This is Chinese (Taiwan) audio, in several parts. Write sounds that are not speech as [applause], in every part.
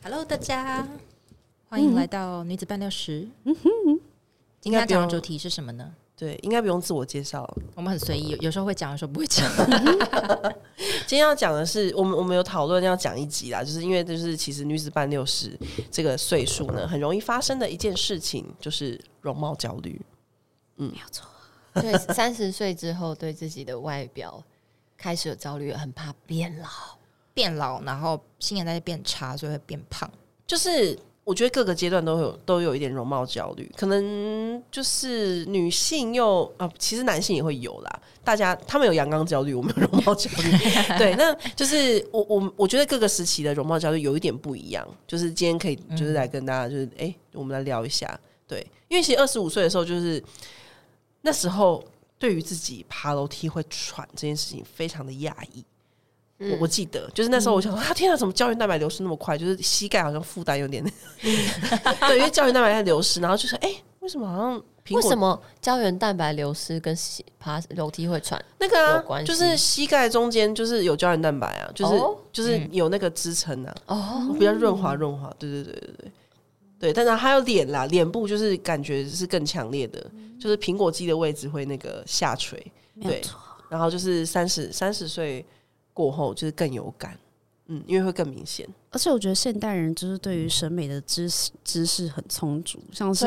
Hello，大家歡迎來到女子半六十。嗯哼，今天要講的主題是什麼呢？對，應該不用自我介紹，我們很隨意，嗯、有時候會講，有時候不會講。 [laughs] 今天要講的是，我們我們有討論要講一集啦，就是因為就是其實女子半六十這個歲數呢，很容易發生的一件事情就是容貌焦慮。嗯，沒有錯，對，三十歲之後對自己的外表開始有焦慮，很怕變老。變老，然後新陳代謝變差，就會變胖。就是我覺得各個階段都有都有一點容貌焦慮，可能就是女性又啊，其實男性也會有啦。大家他們有陽剛焦慮，我們有容貌焦慮。 [laughs] 對，那就是我我我覺得各個時期的容貌焦慮有一點不一樣。就是今天可以就是來跟大家就是哎、嗯欸，我們來聊一下。對，因為其實二十五歲的時候，就是那時候對於自己爬樓梯會喘這件事情非常的壓抑。我我記得，嗯、就是那時候我想說啊，天啊，怎麼膠原蛋白流失那麼快？就是膝蓋好像負擔有點， [laughs] [laughs] 對，因為膠原蛋白在流失，然後就是哎、欸，為什麼好像蘋果為什麼膠原蛋白流失跟爬樓梯會喘那個啊？就是膝蓋中間就是有膠原蛋白啊，就是、哦、就是有那個支撐啊，哦、嗯，比較潤滑潤滑，對對對對對對，但是還有臉啦，臉部就是感覺是更強烈的，嗯、就是蘋果肌的位置會那個下垂，對，沒錯，然後就是三十三十歲。過後就是更有感，嗯，因為會更明顯。而且我覺得現代人就是對於審美的知識、嗯、知識很充足，像是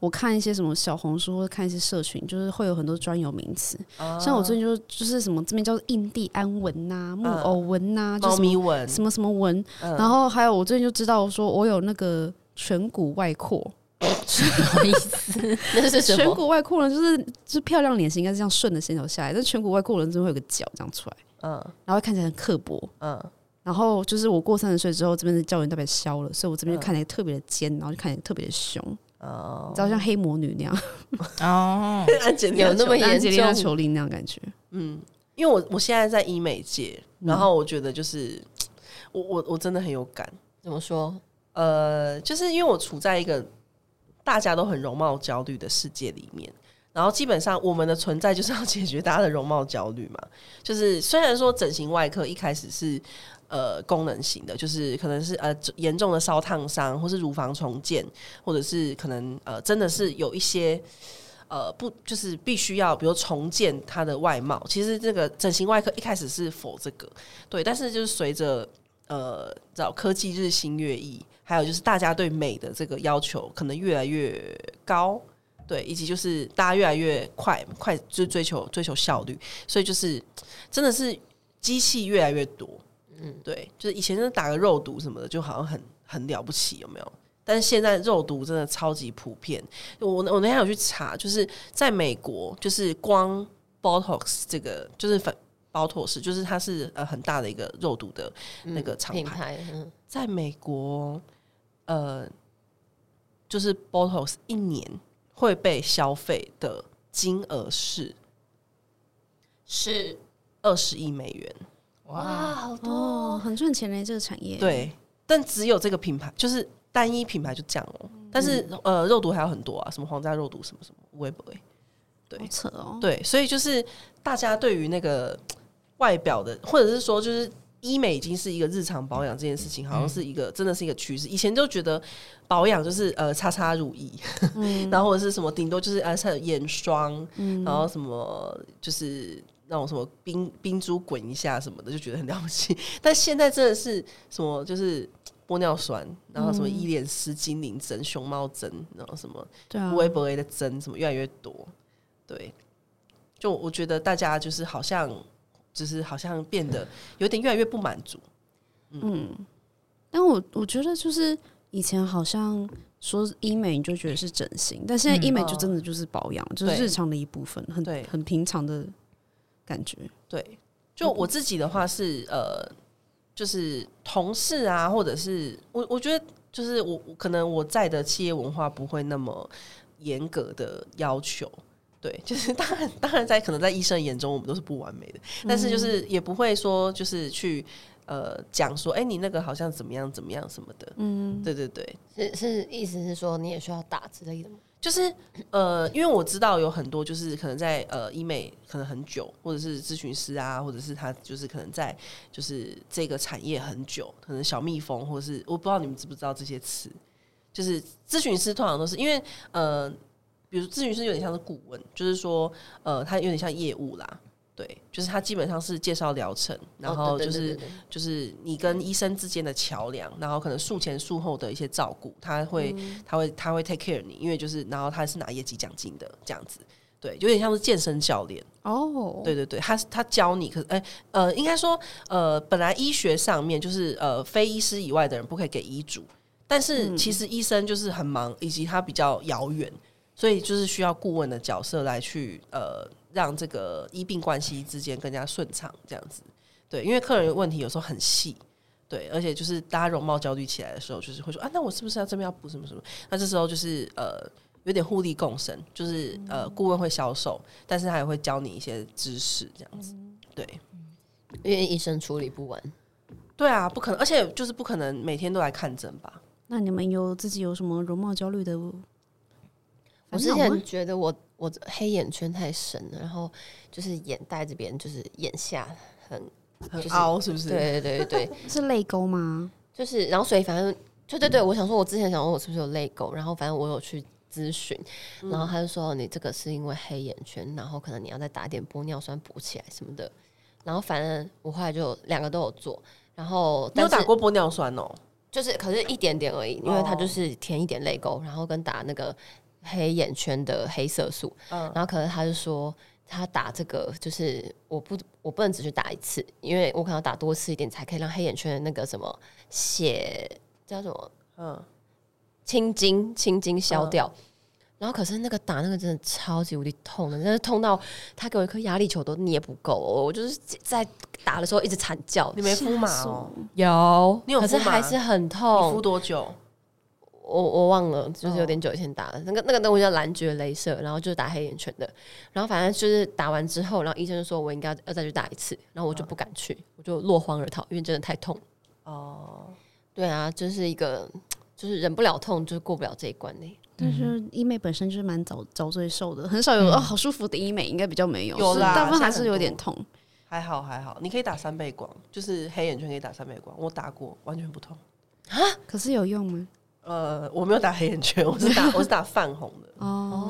我看一些什麼小紅書，或者看一些社群，就是會有很多專有名詞。哦、像我最近就是、就是什麼這邊叫做印第安紋吶、啊、木偶紋吶、啊、呃、就什麼米文什麼什麼紋。嗯、然後還有我最近就知道，我說我有那個顴骨外擴，什麼意思？顴骨外擴呢，就是就是、漂亮臉型應該是這樣順的線條下來，但顴骨外擴呢就會有個角這樣出來。嗯，然後看起來很刻薄，嗯，然後就是我過三十歲之後，這邊的膠原特別消了，所以我這邊就看起來特別的尖，嗯、然後就看起來特別的兇，嗯、哦，你知道像黑魔女那樣，哦， [laughs] 有那麼嚴重，安潔莉娜裘莉那樣感覺，嗯，因為我我現在在醫美界，嗯、然後我覺得就是我我我真的很有感，怎麼說？呃，就是因為我處在一個大家都很容貌焦慮的世界裡面。然後基本上，我們的存在就是要解決大家的容貌焦慮嘛。就是雖然說整形外科一開始是呃功能型的，就是可能是呃嚴重的燒燙傷，或是乳房重建，或者是可能呃真的是有一些呃不，就是必須要比如重建它的外貌。其實這個整形外科一開始是否這個。對，但是就是隨着呃，找科技日新月異，還有就是大家對美的這個要求可能越來越高。對，以及就是大家越來越快快，就追求追求效率，所以就是真的是機器越來越多。嗯，對，就是以前真的打個肉毒什麼的，就好像很很了不起，有沒有？但是現在肉毒真的超級普遍。我我那天有去查，就是在美國，就是光 Botox 這個就是粉 Botox，就是它是呃很大的一個肉毒的那個廠牌，嗯，品牌。嗯，在美國，呃，就是 Botox 一年，會被消費的金額是是二十億美元，哇，哇，好多！哦哦，很賺錢嘞這個產業。對，但只有這個品牌就是單一品牌就這樣了。哦，嗯、但是呃，肉毒還有很多啊，什麼皇家肉毒什麼什麼，味不會對，沒錯哦，對，所以就是大家對於那個外表的，或者是說就是。醫美已經是一個日常保養這件事情，好像是一個、嗯、真的是一個趨勢。以前就覺得保養就是呃，擦擦乳液，嗯、 [laughs] 然後或者是什麼，頂多就是啊，擦眼霜，嗯、然後什麼就是那種什麼冰冰珠滾一下什麼的，就覺得很了不起。 [laughs] 但現在真的是什麼就是玻尿酸，然後什麼伊蓮絲精靈針、熊貓針，然後什麼維博 A 的針，啊、什麼越來越多。對，就我覺得大家就是好像。就是好像變得有點越來越不滿足，嗯，嗯，但我我覺得就是以前好像說醫美你就覺得是整形，但現在醫美就真的就是保養，嗯、就是日常的一部分，對很對，很平常的感覺。對，就我自己的話是呃，就是同事啊，或者是我，我覺得就是我可能我在的企業文化不會那麼嚴格的要求。對，就是當然，當然在，在可能在醫生眼中，我們都是不完美的。嗯、哼但是，就是也不會說，就是去呃講說，哎、欸，你那個好像怎麼樣怎麼樣什麼的。嗯哼，對對對，是是，意思是說你也需要打之類的嗎？就是呃，因為我知道有很多就是可能在呃醫美可能很久，或者是諮詢師啊，或者是他就是可能在就是這個產業很久，可能小蜜蜂，或者是我不知道你們知不知道這些詞，就是諮詢師通常都是因為呃。比如諮詢師有點像是顧問，就是說，呃，他有點像業務啦，對，就是他基本上是介紹療程，然後就是、哦、對對對對，就是你跟醫生之間的橋梁，然後可能術前術後的一些照顧，他會他、嗯、會他會 take care 你，因為就是然後他是拿業績獎金的這樣子，對，有點像是健身教練哦，對對對，他他教你可，可、欸、哎呃，應該說呃，本來醫學上面就是呃非醫師以外的人不可以給醫囑，但是其實醫生就是很忙，以及他比較遙遠。所以就是需要顧問的角色來去呃，讓這個醫病關係之間更加順暢，這樣子對，因為客人問題有時候很細，對，而且就是大家容貌焦慮起來的時候，就是會說啊，那我是不是要這邊要補什麼什麼？那這時候就是呃，有點互利共生，就是呃，顧問會銷售，但是他也會教你一些知識，這樣子對，因為醫生處理不完，對啊，不可能，而且就是不可能每天都來看診吧？那你們有自己有什麼容貌焦慮的？我之前覺得我我黑眼圈太深了，然後就是眼袋這邊就是眼下很很凹，是不是？對對對，對 [laughs] 是淚溝嗎？就是，然後所以反正對對對，我想說，我之前想問我是不是有淚溝，然後反正我有去諮詢，然後他就說你這個是因為黑眼圈，然後可能你要再打點玻尿酸補起來什麼的。然後反正我後來就兩個都有做，然後你有打過玻尿酸哦、喔，就是可是一點點而已，因為它就是填一點淚溝，然後跟打那個。黑眼圈的黑色素，嗯，然後可是他就說他打這個，就是我不我不能只去打一次，因為我可能要打多次一點，才可以讓黑眼圈的那個什麼血叫什麼？嗯，青筋青筋消掉。嗯，然後可是那個打那個真的超級無敵痛的，真的痛到他給我一顆壓力球都捏不夠。我就是在打的時候一直慘叫，你沒敷嘛哦？有，你有，可是還是很痛。你敷多久？我我忘了，就是有點久以前打了，oh. 那個那個東西叫藍爵鐳射，然後就是打黑眼圈的，然後反正就是打完之後，然後醫生就說我應該要再去打一次，然後我就不敢去，oh. 我就落荒而逃，因為真的太痛。哦，oh. 對啊，就是一個就是忍不了痛就過不了這一關嘞。嗯、但是醫美本身就是蠻遭遭罪受的，很少有、嗯、哦好舒服的醫美，應該比較沒有，有啦是，大部分還是有點痛。還好還好，你可以打三倍光，就是黑眼圈可以打三倍光，我打過，完全不痛啊。可是有用嗎？呃，我沒有打黑眼圈，我是打 [laughs] 我是打泛紅的，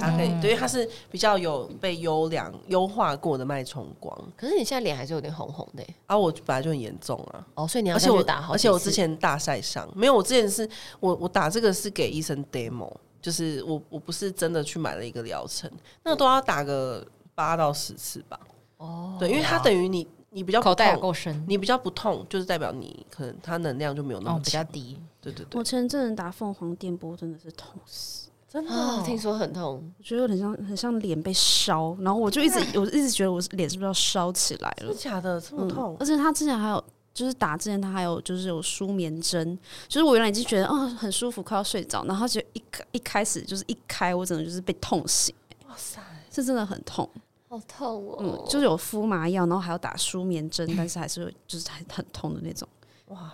它可以，因為它是比較有被優良優化過的脈衝光。可是你現在臉還是有點紅紅的。啊，我本來就很嚴重啊。哦，所以你要，而且我打好，而且我之前大曬傷，沒有，我之前是我我打這個是給醫生 demo，就是我我不是真的去買了一個療程，那都要打個八到十次吧。哦，對，因為它等於你你比較、哦，口袋不夠深，你比較不痛，就是代表你可能它能量就沒有那麼強哦，比較低。對對對，我前陣子打鳳凰電波真的是痛死，真的。哦、聽說很痛，我覺得很像很像臉被燒，然後我就一直對我一直覺得我臉是不是要燒起來了？是，是假的這麼痛，嗯？而且他之前還有就是打之前他還有就是有舒眠針，就是我原來已經覺得哦很舒服快要睡着，然後就一開一開始就是一開我整個，就是被痛醒，哇塞，是真的很痛，好痛哦，嗯，就是有敷麻藥，然後還要打舒眠針，但是還是 [laughs] 就是還很痛的那種，哇。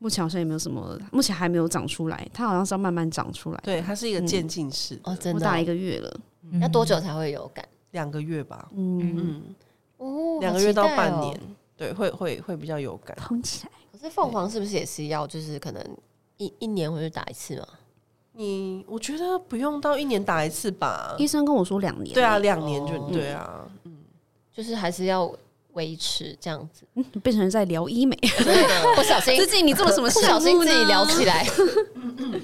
目前好像也沒有什麼，目前還沒有長出來，它好像是要慢慢長出來。對，它是一個漸進式的。哦，真的，我打一個月了，要多久才會有感？兩個月吧。嗯嗯哦，兩個月到半年，對，會會會比較有感，痛起來。可是鳳凰是不是也是要，就是可能一一年回去打一次嗎？你我覺得不用到一年打一次吧。醫生跟我說兩年。對啊，兩年就對啊，嗯，就是還是要。維持這樣子，變成在聊醫美。 [laughs] [laughs] 不小心自己，你做了什麼事？不小心自己聊起來。 [laughs]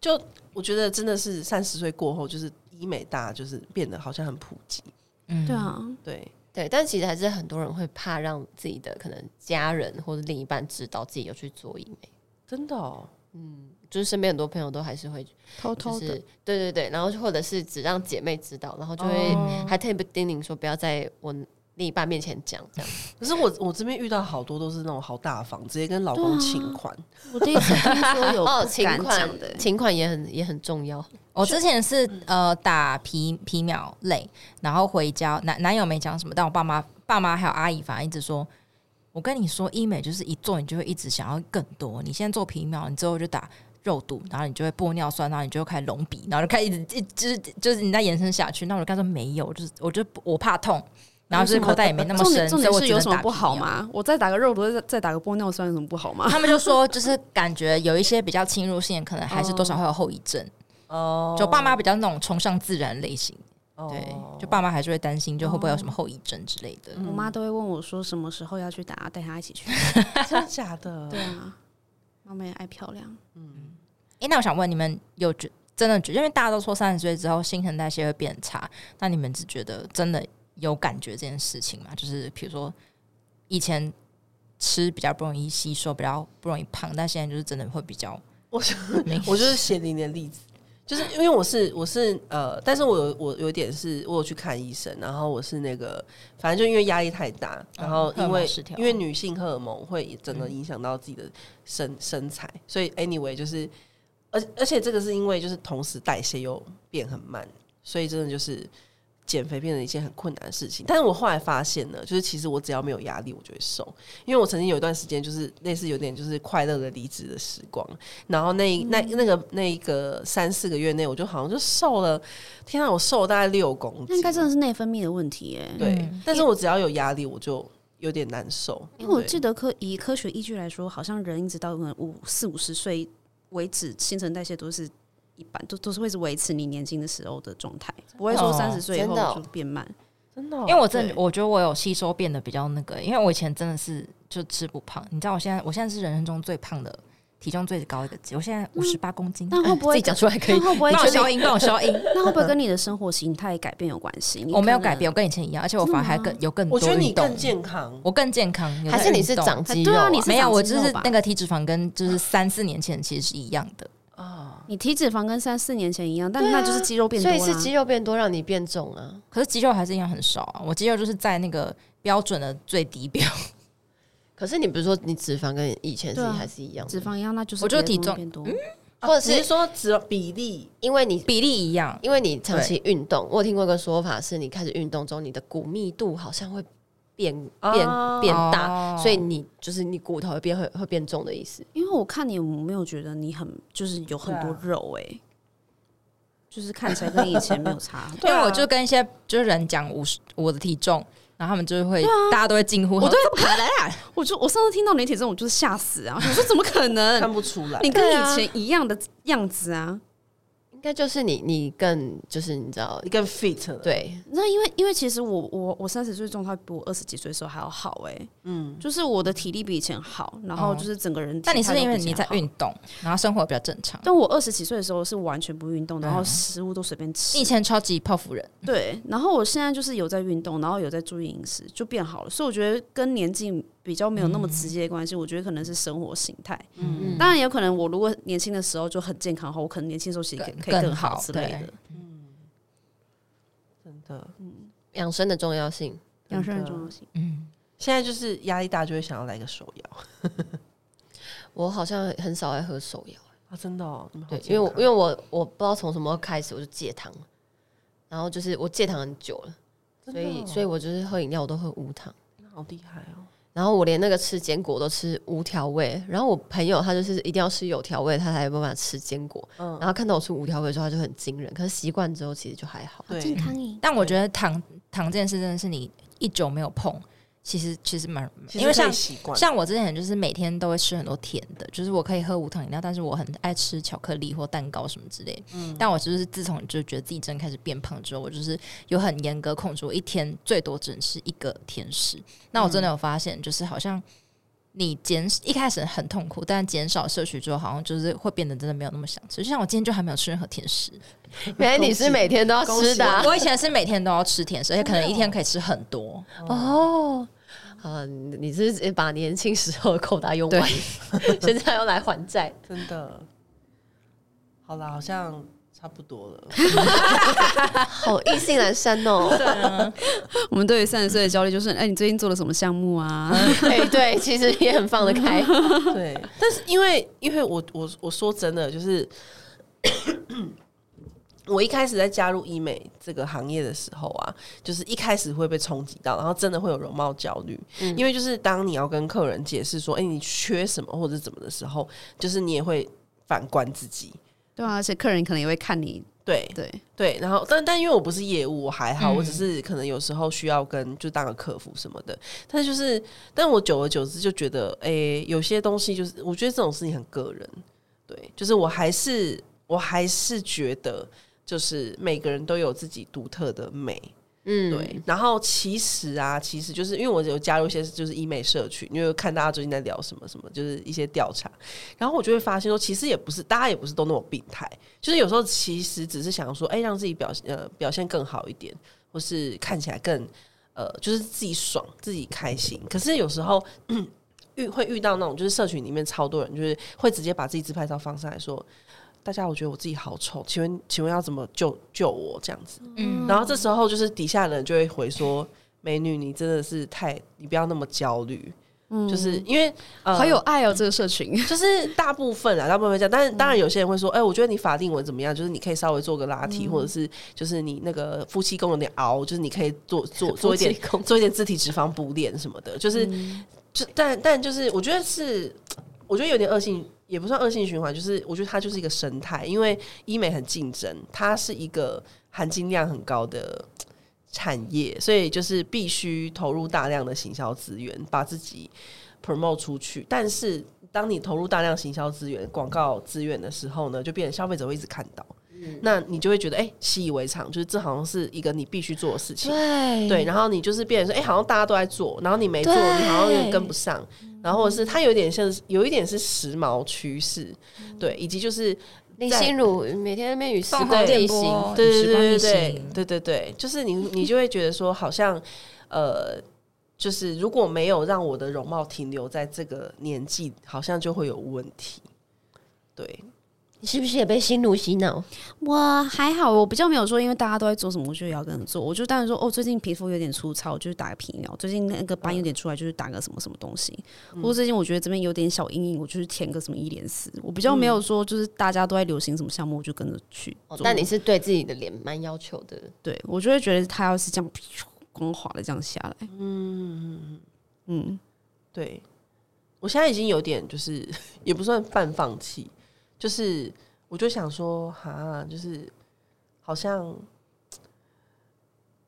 就我覺得，真的是三十歲過後，就是醫美大，就是變得好像很普及。嗯，對啊，對對，但其實還是很多人會怕讓自己的可能家人或者另一半知道自己有去做醫美。真的，喔，哦，嗯，就是身邊很多朋友都還是會、就是、偷偷的，對對對，然後或者是只讓姐妹知道，然後就會、哦、還特別叮嚀說不要在我另一半面前講這樣， [laughs] 可是我我這邊遇到好多都是那種好大方，直接跟老公請款、啊。我第一次聽說有請款的，請、 [laughs] 哦、請款，請款也很也很重要。我之前是呃打皮皮秒類，然後回家男男友沒講什麼，但我爸媽爸媽還有阿姨反而一直說：“我跟你說，醫美就是一做你就會一直想要更多。你現在做皮秒，你之後就打肉毒，然後你就會玻尿酸，然後你就會開始隆鼻，然後就開始一直就是就是你在延伸下去。”那我就跟他說沒有，就是我就我怕痛。然後這口袋也沒那麼深，重點是有什麼不好嗎？我再打個肉毒，再打個玻尿酸有什麼不好嗎？他們就說，就是感覺有一些比較侵入性，可能還是多少會有後遺症。哦，就爸媽比較那種崇尚自然類型，對，就爸媽還是會擔心，就會不會有什麼後遺症之類的。哦哦、我媽都會問我說什麼時候要去打，帶她一起去。真的假的？ [laughs] 對啊，媽媽也愛漂亮。嗯，哎，那我想問你們，有覺真的覺，因為大家都說三十歲之後新陳代謝會變差，那你們只覺得真的？有感覺這件事情嘛？就是比如說，以前吃比較不容易吸收，比較不容易胖，但現在就是真的會比較。 [laughs] 我就是寫你的例子，就是因為我是我是呃，但是我有我有點是我有去看醫生，然後我是那個，反正就因為壓力太大，然後因為、嗯、失調，因為女性荷爾蒙會真的影響到自己的身、嗯、身材，所以 anyway 就是，而而且這個是因為就是同時代謝又變很慢，所以真的就是。減肥變成一件很困難的事情，但是我後來發現呢，就是其實我只要沒有壓力，我就會瘦。因為我曾經有一段時間，就是類似有點就是快樂的離職的時光，然後那一、嗯、那那個那個三四個月內，我就好像就瘦了，天啊，我瘦了大概六公斤，應該真的是內分泌的問題耶。對，嗯、但是我只要有壓力，我就有點難受。因為我記得科對以科學依據來說，好像人一直到可能五四五十歲為止，新陳代謝都是，一般都都是會是維持你年輕的時候的狀態，不會說三十歲以後就變慢，真的。因為我真的我覺得我有吸收變得比較那個，因為我以前真的是就吃不胖，你知道我現在我現在是人生中最胖的，體重最高一個級，我現在五十八公斤。那會不會自己講出來可以？那我消音，那我消音。那會不會跟你的生活形態改變有關係？我沒有改變，我跟以前一樣，而且我反而還更有更多。我覺得你更健康，我更健康，還是你是長肌肉啊？沒有，我就是那個體脂肪跟就是三四年前其實是一樣的。啊，oh, 你體脂肪跟三四年前一樣，但那就是肌肉變多、啊、所以是肌肉變多讓你變重啊。可是肌肉還是一樣很少啊，我肌肉就是在那個標準的最低標。 [laughs] 可是你不是說，你脂肪跟以前是一還是一樣、啊，脂肪一樣，那就是我就體重變多，嗯啊、或者是只是說只比例，因為你比例一樣，因為你長期運動。對我有聽過一個說法，是你開始運動中，你的骨密度好像會。變變、oh, 變大，oh. 所以你就是你骨頭會變會會變重的意思。因為我看你，有沒有覺得你很就是有很多肉哎、欸、啊、就是看起來跟以前沒有差。 [laughs] 對、啊、我就跟一些就是人講我是我的體重，然後他們就會、啊、大家都會驚呼，對，不可能啦。我就我上次聽到你的體重就是嚇死啊！ [laughs] 我說怎麼可能， [laughs] 看不出來，你跟你以前一樣的樣子啊。應該就是你，你更就是你知道，你更 fit 了。對，那因為因為其實我我我三十歲狀態比我二十幾歲的時候還要好誒、欸。嗯，就是我的體力比以前好，然後就是整個人比好、哦。但你是因為你在運動，然後生活比較正常？但我二十幾歲的時候是完全不運動的，然後食物都隨便吃，你以前超級泡芙人。對，然後我現在就是有在運動，然後有在注意飲食，就變好了。所以我覺得跟年紀。比較沒有那麼直接的關係，我覺得可能是生活形態。嗯，當然有可能，我如果年輕的時候就很健康的話，我可能年輕的時候其實可以更好之類的。嗯，真的，嗯，養生的重要性，養生的重要性。嗯，現在就是壓力大，就會想要來個手搖。我好像很少愛喝手搖啊，真的。對，因為我因為我我不知道從什麼開始我就戒糖，然後就是我戒糖很久了，所以所以我就是喝飲料我都喝無糖，好厲害哦。然後我連那個吃堅果都吃無調味，然後我朋友他就是一定要吃有調味，他才有辦法吃堅果。嗯、然後看到我吃無調味的時候，他就很驚人。可是習慣之後，其實就還好。很健康。但我覺得糖對糖這件事真的是你一久沒有碰。其實其實蠻，因為像像我之前就是每天都會吃很多甜的，就是我可以喝無糖飲料，但是我很愛吃巧克力或蛋糕什麼之類的。嗯，但我就是自從就覺得自己真的開始變胖之後，我就是有很嚴格控制，我一天最多只能吃一個甜食。嗯，那我真的有發現，就是好像。你減一開始很痛苦，但減少攝取之後，好像就是會變得真的沒有那麼想吃。就像我今天就還沒有吃任何甜食。原來你是每天都要吃的？啊，我以前是每天都要吃甜食，而且可能一天可以吃很多。嗯、哦，呃，你是，是把年輕時候的口袋用完，現在又來還債， [laughs] 真的。好了，好像。差不多了，好意興闌珊哦。我們對於三十歲的焦慮就是，哎、欸，你最近做了什麼項目啊？哎、 [laughs] 欸，對，其實也很放得開。 [laughs] 對，但是因為，因為我，我，我說真的，就是我一開始在加入醫美這個行業的時候啊，就是一開始會被衝擊到，然後真的會有容貌焦慮，嗯、因為就是當你要跟客人解釋說，哎、欸，你缺什麼或者怎麼的時候，就是你也會反觀自己。對啊，而且客人可能也會看你，對對對。然後，但但因為我不是業務，我還好，嗯、我只是可能有時候需要跟就當個客服什麼的。但就是，但我久而久之就覺得，誒、欸，有些東西就是，我覺得這種事情很個人。對，就是我還是我還是覺得，就是每個人都有自己獨特的美。嗯，對。然後其實啊，其實就是因為我有加入一些就是醫美社群，因為看大家最近在聊什麼什麼，就是一些調查。然後我就會發現說，其實也不是，大家也不是都那麼病態。就是有時候其實只是想說，哎、欸，讓自己表現呃表現更好一點，或是看起來更呃，就是自己爽自己開心。可是有時候遇、嗯、會遇到那種，就是社群裡面超多人，就是會直接把自己自拍照放上來說。大家，我覺得我自己好醜，請問，請問要怎麼救救我這樣子？嗯，然後這時候就是底下的人就會回說：“美女，你真的是太，你不要那麼焦慮。”嗯，就是因為、呃、好有愛哦，這個社群就是大部分啊，大部分會這樣，但是、嗯、當然有些人會說：“哎、欸，我覺得你法令紋怎麼樣？就是你可以稍微做個拉提，嗯、或者是就是你那個夫妻宮有點凹，就是你可以做做做一點做一點自體脂肪補臉什麼的。”就是，嗯、就但但就是，我覺得是。我覺得有點惡性，也不算惡性循環，就是我覺得它就是一個生態，因為醫美很競爭，它是一個含金量很高的產業，所以就是必須投入大量的行銷資源，把自己 promote 出去。但是當你投入大量行銷資源、廣告資源的時候呢，就變成消費者會一直看到，嗯，那你就會覺得哎、欸，習以為常，就是這好像是一個你必須做的事情，對，對，然後你就是變成說，哎、欸，好像大家都在做，然後你沒做，你對好像有點跟不上。然後是他有點像，有一點是時髦趨勢，嗯、對，以及就是林心如每天在那邊與時光，對，、哦、雨時光對對對對對對，對對對就是你你就會覺得說，好像 [laughs] 呃，就是如果沒有讓我的容貌停留在這個年紀，好像就會有問題，對。是不是也被新奴洗腦？我還好，我比較沒有說，因為大家都在做什麼，我就也要跟着做。嗯、我就當然說，哦，最近皮膚有點粗糙，我就是打個皮秒。最近那個斑有點出來，嗯、就是打個什麼什麼東西。不過、嗯、最近我覺得這邊有點小陰影，我就是填個什麼洢蓮絲。我比較沒有說，就是大家都在流行什麼項目，我就跟着去、嗯哦、但那你是對自己的臉蠻要求的？對，我就會覺得他要是這樣光滑的這樣下來，嗯嗯嗯，嗯對我現在已經有點，就是也不算半放棄。就是，我就想說，哈，就是好像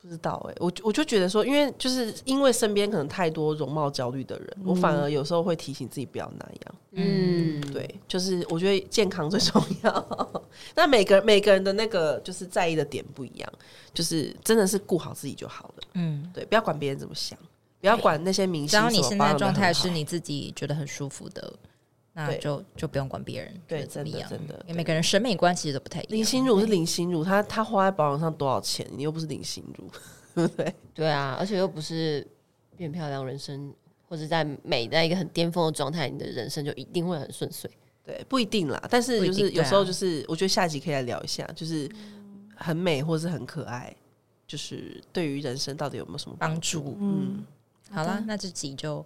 不知道哎、欸，我我就覺得說，因為就是因為身邊可能太多容貌焦慮的人，嗯、我反而有時候會提醒自己不要那樣。嗯，對，就是我覺得健康最重要。 [laughs] 那每個每個人的那個就是在意的點不一樣，就是真的是顧好自己就好了。嗯，對，不要管別人怎麼想，不要管那些明星。只要、嗯、你現在狀態是你自己覺得很舒服的。那就對就不用管別人，對，真的，真的，因為每個人審美觀其實都不太一樣。對林心如是林心如，她她對花在保養上多少錢？你又不是林心如，對，對啊，而且又不是變漂亮，人生或者在美在一個很巔峰的狀態，你的人生就一定會很順遂？對，不一定啦。但是就是有時候就是，我覺得下一集可以來聊一下，就是很美或者是很可愛，就是對於人生到底有沒有什麼幫助？幫助，嗯，好了的，那這集就。